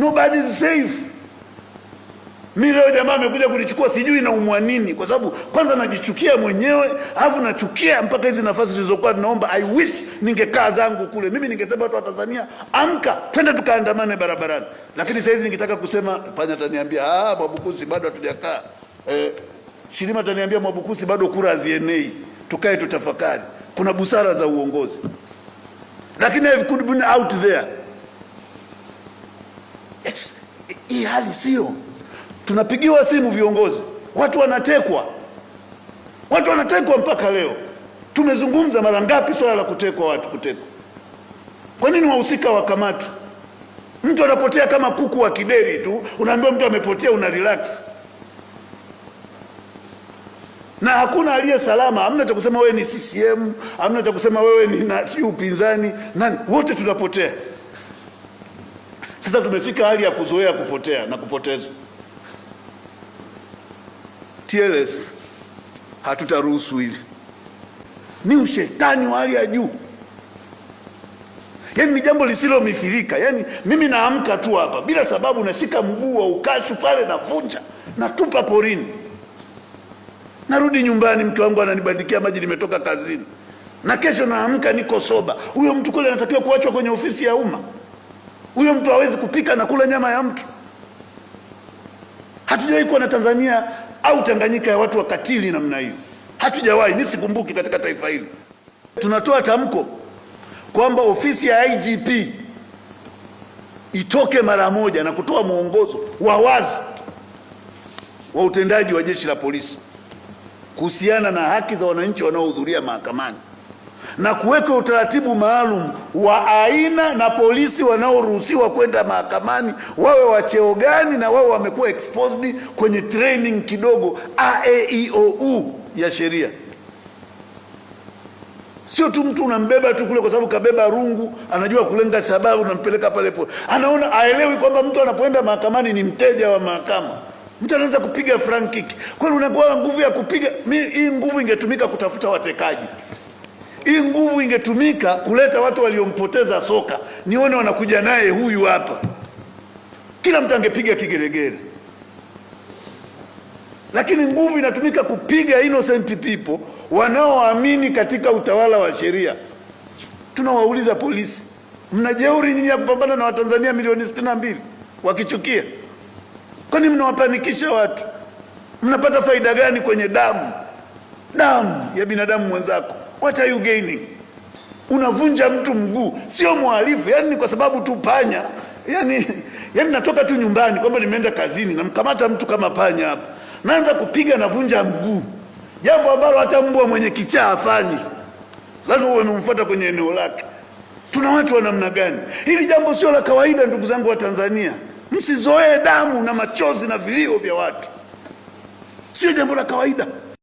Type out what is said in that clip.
Nobody is safe. Mi leo jamaa amekuja kunichukua sijui naumwa nini, kwa sababu kwanza najichukia mwenyewe, alafu nachukia mpaka hizi nafasi zilizokuwa naomba. I wish ningekaa zangu kule, mimi ningesema watu wa Tanzania, amka, twende tukaandamane barabarani. Lakini saa hizi ningetaka kusema panya ataniambia ah, Mwabukusi bado hatujakaa eh, Shirima ataniambia Mwabukusi bado kura hazienei, tukae tutafakari, kuna busara za uongozi, lakini I've been out there hii hali sio, tunapigiwa simu viongozi, watu wanatekwa, watu wanatekwa mpaka leo. Tumezungumza mara ngapi swala la kutekwa watu, kutekwa. Kwa nini wahusika wakamatwe? Mtu anapotea kama kuku wa kideri tu, unaambiwa mtu amepotea, una relax na hakuna aliye salama. Hamna cha kusema wewe ni CCM, hamna cha kusema wewe ni si upinzani, nani, wote tunapotea. Sasa tumefika hali ya kuzoea kupotea na kupotezwa. TLS hatutaruhusu hili. Ni ushetani wa hali ya juu, yaani ni jambo lisilomithilika. Yaani mimi naamka tu hapa bila sababu, nashika mguu wa ukashu pale, navunja, natupa porini, narudi nyumbani, mke wangu ananibandikia maji, nimetoka kazini, na kesho naamka niko soba. Huyo mtu kule anatakiwa kuachwa kwenye ofisi ya umma? Huyo mtu hawezi kupika na kula nyama ya mtu. Hatujawahi kuwa na Tanzania au Tanganyika ya watu wakatili namna hiyo, hatujawahi, mi sikumbuki katika taifa hili. Tunatoa tamko kwamba ofisi ya IGP itoke mara moja na kutoa mwongozo wa wazi wa utendaji wa jeshi la polisi kuhusiana na haki za wananchi wanaohudhuria mahakamani na kuweka utaratibu maalum wa aina na polisi wanaoruhusiwa kwenda mahakamani wawe wacheo gani, na wao wamekuwa exposed kwenye training kidogo AAEOU ya sheria. Sio tu mtu unambeba tu kule, kwa sababu kabeba rungu, anajua kulenga sababu, unampeleka pale pole, anaona aelewi kwamba mtu anapoenda mahakamani ni mteja wa mahakama. Mtu anaanza kupiga frank kick, kwani unakuwa nguvu ya kupiga. Hii nguvu ingetumika kutafuta watekaji. Hii nguvu ingetumika kuleta watu waliompoteza soka, nione wanakuja naye huyu hapa, kila mtu angepiga kigeregere, lakini nguvu inatumika kupiga innocent people wanaoamini katika utawala wa sheria. Tunawauliza polisi, mnajeuri nyinyi ya kupambana na Watanzania milioni sitini na mbili wakichukia? Kwani mnawapanikisha watu? Mnapata faida gani kwenye damu damu ya binadamu mwenzako? What are you gaining? Unavunja mtu mguu, sio mhalifu. Yani ni kwa sababu tu panya, yani, yani natoka tu nyumbani kwamba nimeenda kazini, namkamata mtu kama panya hapa, naanza kupiga, navunja mguu, jambo ambalo hata mbwa mwenye kichaa hafanyi. Lazima uwe umemfuata kwenye eneo lake. Tuna watu wa namna gani? Hili jambo sio la kawaida, ndugu zangu wa Tanzania. Msizoee damu na machozi na vilio vya watu, sio jambo la kawaida.